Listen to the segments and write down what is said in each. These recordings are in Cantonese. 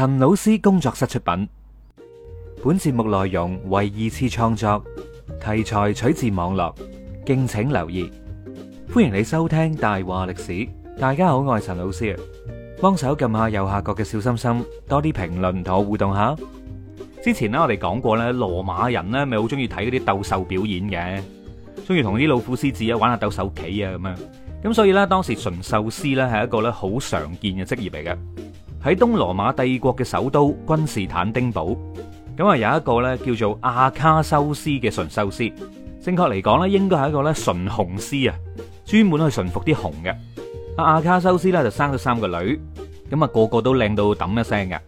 陳老師工作室出品，本節目內容為二次創作，題材取自網絡，敬請留意。歡迎你收聽《大話歷史》，大家好，我係陳老師。幫手撳下右下角嘅小心心，多啲評論同我互動下。之前呢，我哋講過咧，羅馬人呢咪好中意睇嗰啲鬥獸表演嘅，中意同啲老虎、獅子啊玩下鬥獸棋啊咁樣。咁所以呢，當時馴獸師呢係一個呢好常見嘅職業嚟嘅。喺東羅馬帝國嘅首都君士坦丁堡，咁啊有一個咧叫做阿卡修斯嘅馴獸師，正確嚟講咧應該係一個咧馴熊師啊，專門去馴服啲熊嘅。阿阿卡修斯咧就生咗三個女，咁啊個個都靚到揼一聲嘅。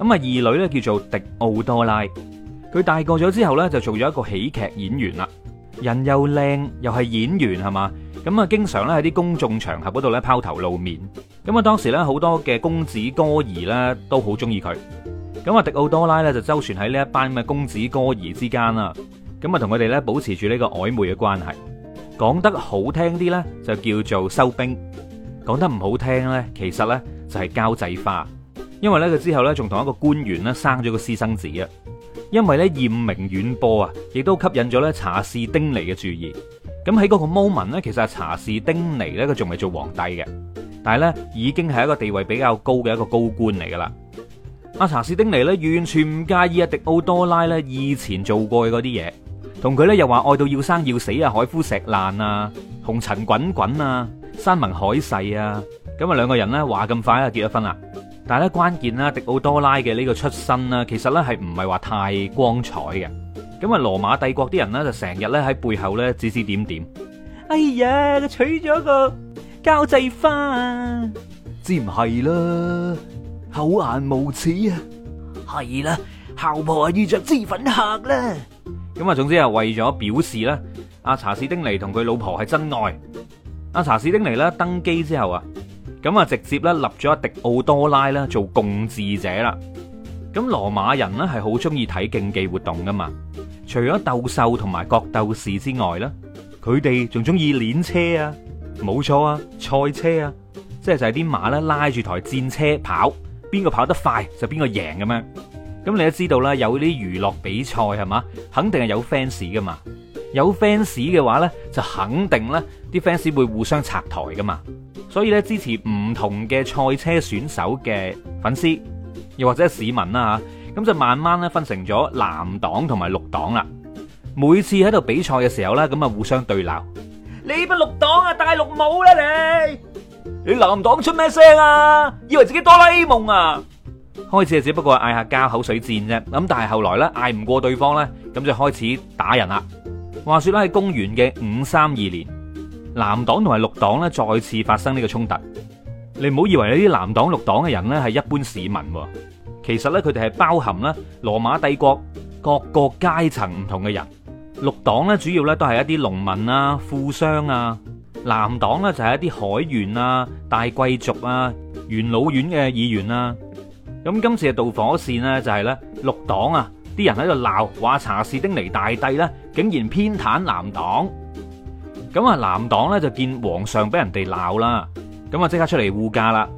咁啊二女咧叫做迪奧多拉，佢大個咗之後咧就做咗一個喜劇演員啦，人又靚又係演員係嘛，咁啊經常咧喺啲公眾場合嗰度咧拋頭露面。咁啊，當時咧好多嘅公子哥兒咧都好中意佢。咁啊，迪奧多拉咧就周旋喺呢一班嘅公子哥兒之間啦。咁啊，同佢哋咧保持住呢個曖昧嘅關係。講得好聽啲咧，就叫做收兵；講得唔好聽咧，其實咧就係交際花。因為咧佢之後咧仲同一個官員咧生咗個私生子啊。因為咧艷名遠播啊，亦都吸引咗咧查士丁尼嘅注意。咁喺嗰個 moment 咧，其實查士丁尼咧佢仲未做皇帝嘅。但係咧，已經係一個地位比較高嘅一個高官嚟噶啦。阿查士丁尼咧，完全唔介意阿迪奧多拉咧以前做過嘅嗰啲嘢，同佢咧又話愛到要生要死啊，海枯石爛啊，紅塵滾滾啊，山盟海誓啊，咁啊兩個人咧話咁快就結咗婚啦。但係咧關鍵啦，迪奧多拉嘅呢個出身啦，其實咧係唔係話太光彩嘅。咁、嗯、啊，羅馬帝國啲人咧就成日咧喺背後咧指指點點。哎呀，佢娶咗個。交際花，知唔係啦？厚顏無恥啊，係啦，姣婆啊遇着脂粉客啦。咁啊，總之啊，為咗表示咧，阿查士丁尼同佢老婆係真愛。阿查士丁尼咧登基之後啊，咁啊直接咧立咗阿迪奧多拉咧做共治者啦。咁羅馬人咧係好中意睇競技活動噶嘛，除咗鬥獸同埋角鬥士之外咧，佢哋仲中意練車啊！冇錯啊，賽車啊，即係就係啲馬咧拉住台戰車跑，邊個跑得快就邊個贏咁樣。咁你都知道啦，有啲娛樂比賽係嘛，肯定係有 fans 噶嘛，有 fans 嘅話呢，就肯定呢啲 fans 會互相拆台噶嘛，所以呢，支持唔同嘅賽車選手嘅粉絲，又或者係市民啦、啊、吓，咁就慢慢呢分成咗藍黨同埋綠黨啦，每次喺度比賽嘅時候呢，咁啊互相對鬧。你唔係綠黨啊，戴綠帽啦你！你藍黨出咩聲啊？以為自己哆啦 A 夢啊？開始只不過係嗌下交口水戰啫，咁但係後來咧嗌唔過對方咧，咁就開始打人啦。話說啦，喺公元嘅五三二年，藍黨同埋綠黨咧再次發生呢個衝突。你唔好以為呢啲藍黨、綠黨嘅人咧係一般市民，其實咧佢哋係包含啦羅馬帝國各個階層唔同嘅人。綠黨咧主要咧都係一啲農民啊、富商啊，藍黨咧就係一啲海員啊、大貴族啊、元老院嘅議員啊。咁今次嘅導火線咧就係咧綠黨啊啲人喺度鬧，話查士丁尼大帝咧竟然偏袒藍黨。咁啊藍黨咧就見皇上俾人哋鬧啦，咁啊即刻出嚟護駕啦。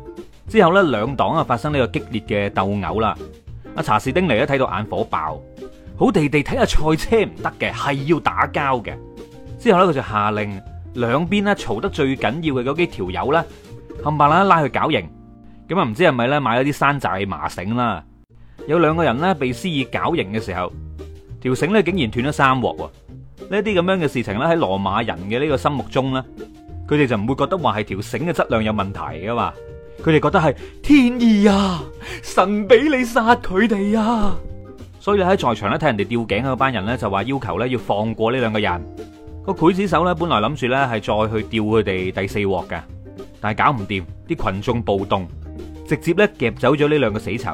之後咧兩黨啊發生呢個激烈嘅鬥毆啦。阿查士丁尼咧睇到眼火爆。好地地睇下賽車唔得嘅，係要打交嘅。之後咧，佢就下令兩邊咧嘈得最緊要嘅嗰幾條友咧，冚唪唥拉去絞刑。咁啊，唔知係咪咧買咗啲山寨麻繩啦？有兩個人咧被施以絞刑嘅時候，條繩咧竟然斷咗三鑊。呢啲咁樣嘅事情咧，喺羅馬人嘅呢個心目中咧，佢哋就唔會覺得話係條繩嘅質量有問題噶嘛？佢哋覺得係天意啊，神俾你殺佢哋啊！所以你喺在場咧睇人哋吊頸嗰班人咧就話要求咧要放過呢兩個人。個劊子手咧本來諗住咧係再去吊佢哋第四鑊嘅，但係搞唔掂，啲群眾暴動，直接咧夾走咗呢兩個死囚。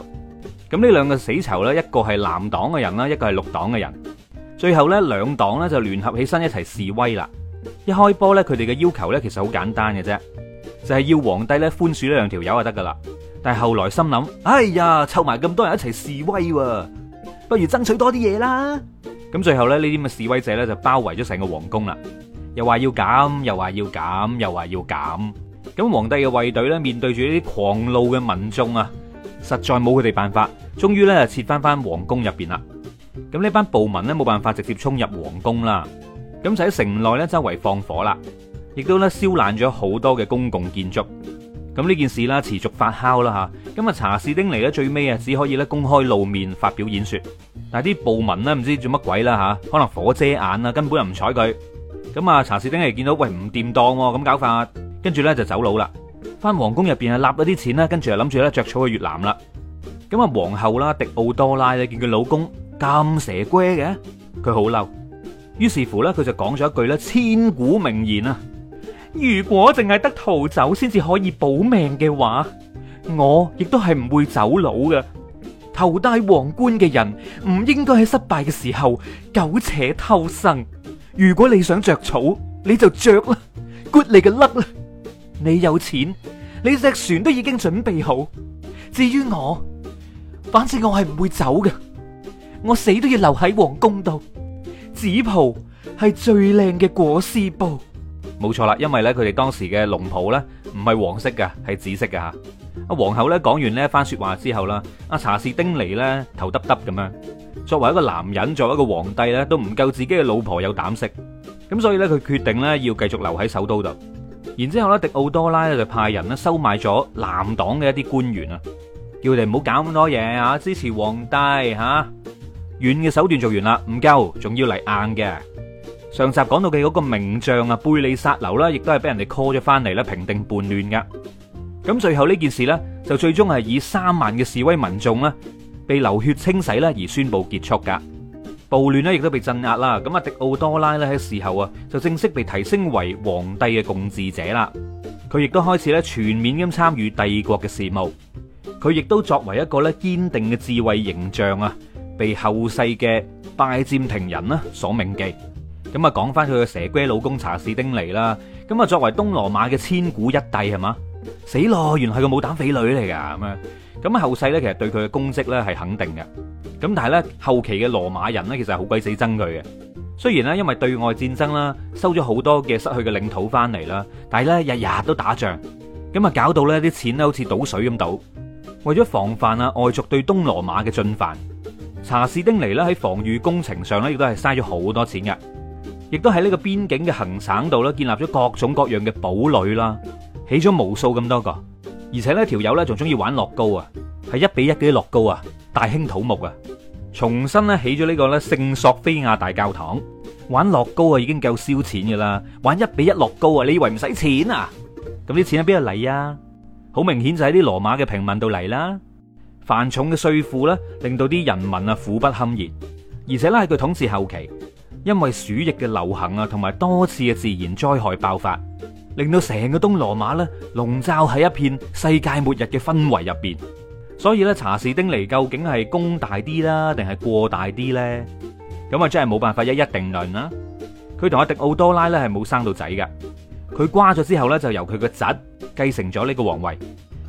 咁呢兩個死囚咧，一個係藍黨嘅人啦，一個係綠黨嘅人。最後咧兩黨咧就聯合起身一齊示威啦。一開波咧佢哋嘅要求咧其實好簡單嘅啫，就係要皇帝咧寬恕呢兩條友就得噶啦。但係後來心諗，哎呀，湊埋咁多人一齊示威喎。不如爭取多啲嘢啦！咁最後咧，呢啲嘅示威者咧就包圍咗成個皇宮啦，又話要減，又話要減，又話要減。咁皇帝嘅衛隊咧面對住呢啲狂怒嘅民眾啊，實在冇佢哋辦法，終於咧就撤翻翻皇宮入邊啦。咁呢班暴民咧冇辦法直接衝入皇宮啦，咁就喺城內咧周圍放火啦，亦都咧燒爛咗好多嘅公共建築。咁呢件事啦，持續發酵啦嚇。咁啊，查士丁尼咧最尾啊，只可以咧公開露面發表演說。但係啲暴民咧唔知做乜鬼啦嚇，可能火遮眼啦，根本又唔睬佢。咁啊，查士丁尼見到喂唔掂當喎，咁搞法，跟住咧就走佬啦。翻皇宮入邊啊，攞咗啲錢啦，跟住又諗住咧著草去越南啦。咁啊，皇后啦狄奧多拉咧見佢老公咁蛇龜嘅，佢好嬲。於是乎咧，佢就講咗一句咧千古名言啊！如果淨係得逃走先至可以保命嘅話，我亦都係唔會走佬㗎。頭戴皇冠嘅人唔應該喺失敗嘅時候苟且偷生。如果你想着草，你就着啦，割你嘅粒啦。你有錢，你隻船都已經準備好。至於我，反正我係唔會走嘅，我死都要留喺皇宮度。紫袍係最靚嘅裹屍布。冇錯啦，因為咧佢哋當時嘅龍袍咧唔係黃色嘅，係紫色嘅吓。阿皇后咧講完呢一番說話之後啦，阿查士丁尼咧頭耷耷咁樣。作為一個男人，作為一個皇帝咧，都唔夠自己嘅老婆有膽色。咁所以咧佢決定咧要繼續留喺首都度。然之後咧迪奧多拉咧就派人咧收買咗藍黨嘅一啲官員啊，叫佢哋唔好搞咁多嘢啊，支持皇帝吓。軟嘅手段做完啦，唔夠，仲要嚟硬嘅。上集講到嘅嗰個名將啊，貝利薩留啦，亦都係俾人哋 call 咗翻嚟啦，平定叛亂噶。咁最後呢件事呢，就最終係以三萬嘅示威民眾咧，被流血清洗咧而宣布結束噶。暴亂呢，亦都被鎮壓啦。咁啊，迪奧多拉呢，喺事後啊，就正式被提升為皇帝嘅共治者啦。佢亦都開始咧全面咁參與帝國嘅事務。佢亦都作為一個咧堅定嘅智慧形象啊，被後世嘅拜占庭人啦所銘記。咁啊，講翻佢嘅蛇龜老公查士丁尼啦。咁啊，作為東羅馬嘅千古一帝係嘛？死咯，原來係個冇膽匪類嚟噶咁樣。咁後世咧，其實對佢嘅功績咧係肯定嘅。咁但係咧後期嘅羅馬人咧，其實係好鬼死憎佢嘅。雖然咧因為對外戰爭啦，收咗好多嘅失去嘅領土翻嚟啦，但係咧日日都打仗，咁啊搞到咧啲錢咧好似倒水咁倒。為咗防範啊，外族對東羅馬嘅進犯，查士丁尼咧喺防禦工程上咧亦都係嘥咗好多錢嘅。亦都喺呢個邊境嘅行省度啦，建立咗各種各樣嘅堡壘啦，起咗無數咁多個，而且呢條友呢，仲中意玩樂高啊，係一比一嘅樂高啊，大興土木啊，重新呢起咗呢個咧聖索菲亞大教堂，玩樂高啊已經夠燒錢噶啦，玩一比一樂高啊，你以為唔使錢啊？咁啲錢喺邊度嚟啊？好明顯就喺啲羅馬嘅平民度嚟啦，繁重嘅稅負呢，令到啲人民啊苦不堪言，而且咧喺佢統治後期。因為鼠疫嘅流行啊，同埋多次嘅自然災害爆發，令到成個東羅馬咧籠罩喺一片世界末日嘅氛圍入邊。所以咧，查士丁尼究竟係功大啲啦，定係過大啲呢？咁啊，真係冇辦法一一定論啦。佢同阿迪奧多拉咧係冇生到仔㗎。佢瓜咗之後咧，就由佢個侄繼承咗呢個皇位。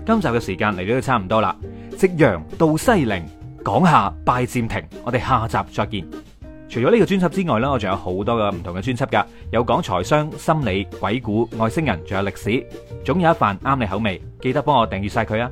今集嘅時間嚟到都差唔多啦。夕陽到西陵，講下拜占庭，我哋下集再見。除咗呢個專輯之外呢，我仲有好多嘅唔同嘅專輯噶，有講財商、心理、鬼故、外星人，仲有歷史，總有一份啱你口味。記得幫我訂閱晒佢啊！